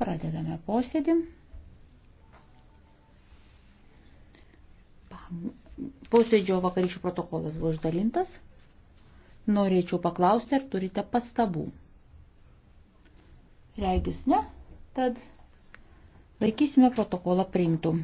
Pradedame posėdį. Posėdžio vakaryčių protokolas buvo išdalintas. Norėčiau paklausti, ar turite pastabų. Regis ne, tad laikysime protokolą priimtų.